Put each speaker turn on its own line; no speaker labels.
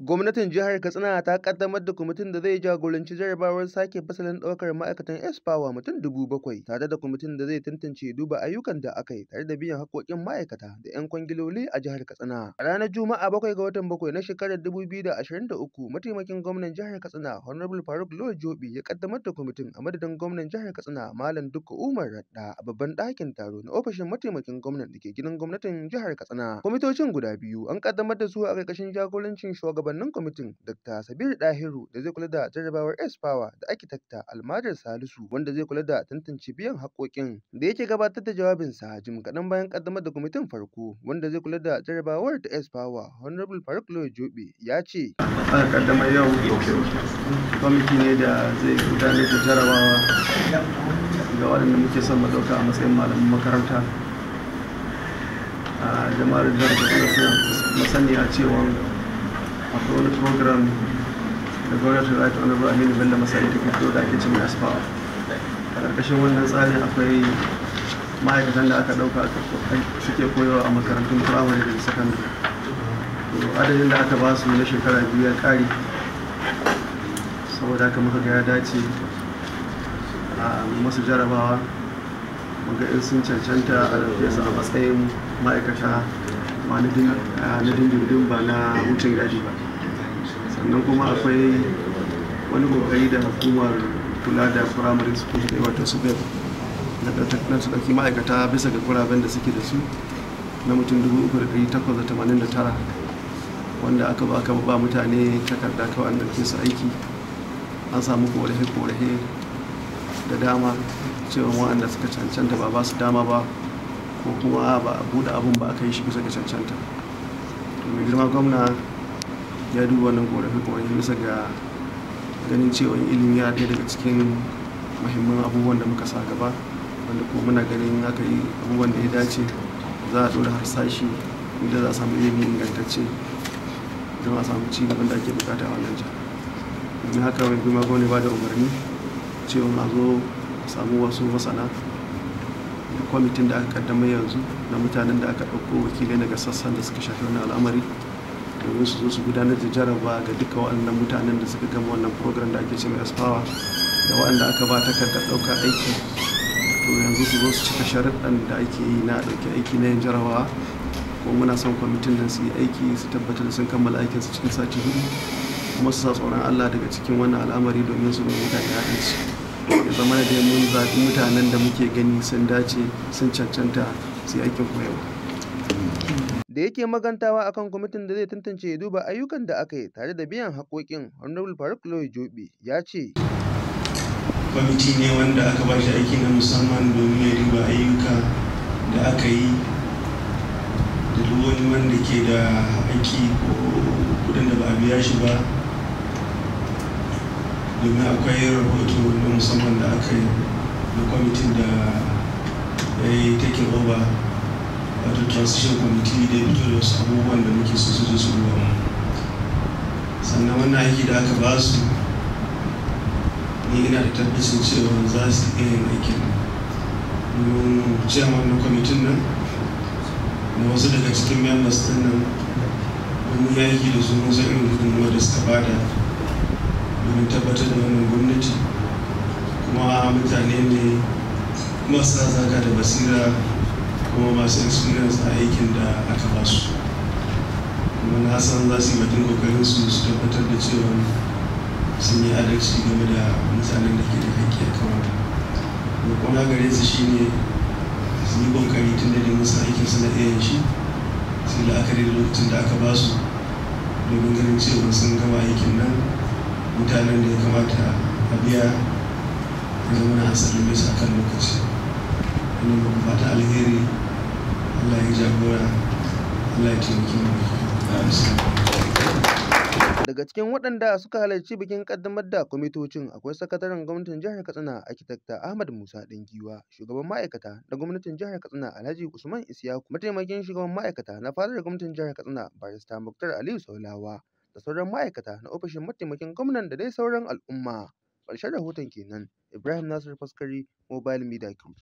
Gwamnatin Jihar Katsina ta kaddamar da kwamitin da zai jagoranci jarabawar sake fasalin ɗaukar ma'aikatan S-POWER mutum dubu bakwai, tare da kwamitin da zai tantance duba ayyukan da aka yi tare da biyan haƙoƙin ma'aikata da 'yan kwangiloli a jihar Katsina. A ranar Juma'a bakwai ga watan bakwai na shekarar dubu biyu da ashirin da uku, mataimakin gwamnan jihar Katsina Honorable Faruk Lawal Jobi ya kaddamar da kwamitin a madadin gwamnan jihar Katsina Malam Dukka Umar Radda a babban ɗakin taro na ofishin mataimakin gwamnan da ke gidan gwamnatin jihar Katsina. Kwamitocin guda biyu an kaddamar da su a ƙarƙashin jagorancin shugaban shugabannin kwamitin Dr. Sabiru Dahiru da zai kula da jarrabawar S-Power da Architecta almajar Salisu wanda zai kula da tantance biyan haƙoƙin da yake gabatar da jawabinsa jim kaɗan bayan ƙaddamar da kwamitin farko wanda zai kula da jarrabawar ta S-Power Honorable Faruk Loyo Jobe ya ce.
Aka ƙaddamar yau kwamiti ne da zai gudanar da jarrabawa ga waɗanda muke son mu ɗauka a matsayin malamin makaranta. Ah, a jama'ar jihar da suna masaniya cewa akwai wani program da gwamnatin right honorable aminu bello masari ta fito da ake cin asfa a ƙarƙashin wannan tsarin akwai ma'aikatan da aka ɗauka suke koyawa a makarantun firamare da sakandare adadin da aka ba su na shekara biyu ya ƙari saboda haka muka ga ya dace a masu jarabawa muga in sun cancanta a ɗauke a matsayin ma'aikata ma na dindindin ba na wucin gadi ba sannan kuma akwai wani kokari da hukumar kula da firamare su kuma wato su bai na su ɗauki ma'aikata bisa ga kuraben da suke da su na mutum 3,889 wanda aka ba ka ba mutane takarda kawai an ɗauke su aiki an samu korafe-korafe da dama cewa waɗanda suka cancanta ba ba su dama ba ko kuma ba a buɗe abin ba aka yi shi bisa ga cancanta to mai girma gwamna ya duba wannan korafe-korafe bisa ga ganin cewa ilimi ya daya daga cikin mahimman abubuwan da muka sa gaba wanda kuma muna ganin aka yi abubuwan da ya dace za a ɗora harsashi inda za a samu ilimi ingantacce don a samu ci gaban da ake bukata a wannan jihar domin haka mai kuma gwamnati ba da umarni cewa a zo a samu wasu masana da kwamitin da aka kaddamar yanzu na mutanen da aka ɗauko wakilai daga sassan da suka shafi wani al'amari domin su zo su gudanar da jaraba ga duka waɗannan mutanen da suka gama wannan program da ake cewa asfawa da waɗanda aka ba ta karkar ɗaukar aiki to yanzu su zo su cika sharaɗan da ake yi na ɗauki aiki na yin jarabawa ko muna son kwamitin nan su yi aiki su tabbatar da sun kammala aikinsu cikin sati hudu kuma su sa tsoron allah daga cikin wannan al'amari domin su nemi mutane haɗinsu ya zama da mun zaɓi mutanen da muke gani sun dace sun cancanta su yi aikin koyarwa
da yake magantawa akan kwamitin da zai tantance ya duba ayyukan da aka yi tare da biyan haƙoƙin honorable faruk loyi jobe ya ce
kwamiti ne wanda aka ba shi aiki na musamman domin ya duba ayyuka da aka yi da duk wani wanda ke da aiki ko kudin da ba a biya shi ba domin akwai rahoto na musamman da aka yi na kwamitin da ya yi taking over wato transition committee da ya fito da wasu abubuwan da muke so su zo su ruwa sannan wannan aiki da aka ba su ni ina da tabbacin cewa za su iya yin aikin domin chairman wannan kwamitin nan da wasu daga cikin members din nan wani yaki da su musa irin gudunmuwa da suka bada domin tabbatar da wannan gwamnati kuma mutane ne masu zaka da basira kuma masu experience a aikin da aka ba su kuma na san za su yi batun kokarin su su tabbatar da cewa sun yi adalci game da mutanen da ke da haƙƙi a kawo da kuma gare su shine su yi kokari tun da dai musu aikin su na iya shi su yi la'akari da lokacin da aka ba su domin ganin cewa sun gama aikin nan mutanen da ya kamata a biya ya zama na hasarin bisa kan lokaci Ina ba fata alheri
daga cikin waɗanda suka halarci bikin ƙaddamar da kwamitocin akwai sakataren gwamnatin jihar katsina Akitakta ahmad musa giwa shugaban ma'aikata na gwamnatin jihar katsina alhaji usman isiyaku mataimakin shugaban ma'aikata na fadar gwamnatin jihar katsina barista muktar aliyu saulawa da sauran ma'aikata na ofishin mataimakin gwamnan da dai sauran al'umma ƙarshen rahoton kenan ibrahim nasir faskari mobile media group